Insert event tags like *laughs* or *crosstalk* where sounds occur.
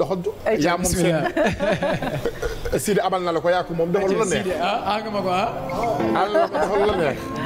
doxantu yaa moom seen *laughs* Sidi na la ko yaa ko moom doxal la neex ah, ah nga ma ko ah. doxal la neex.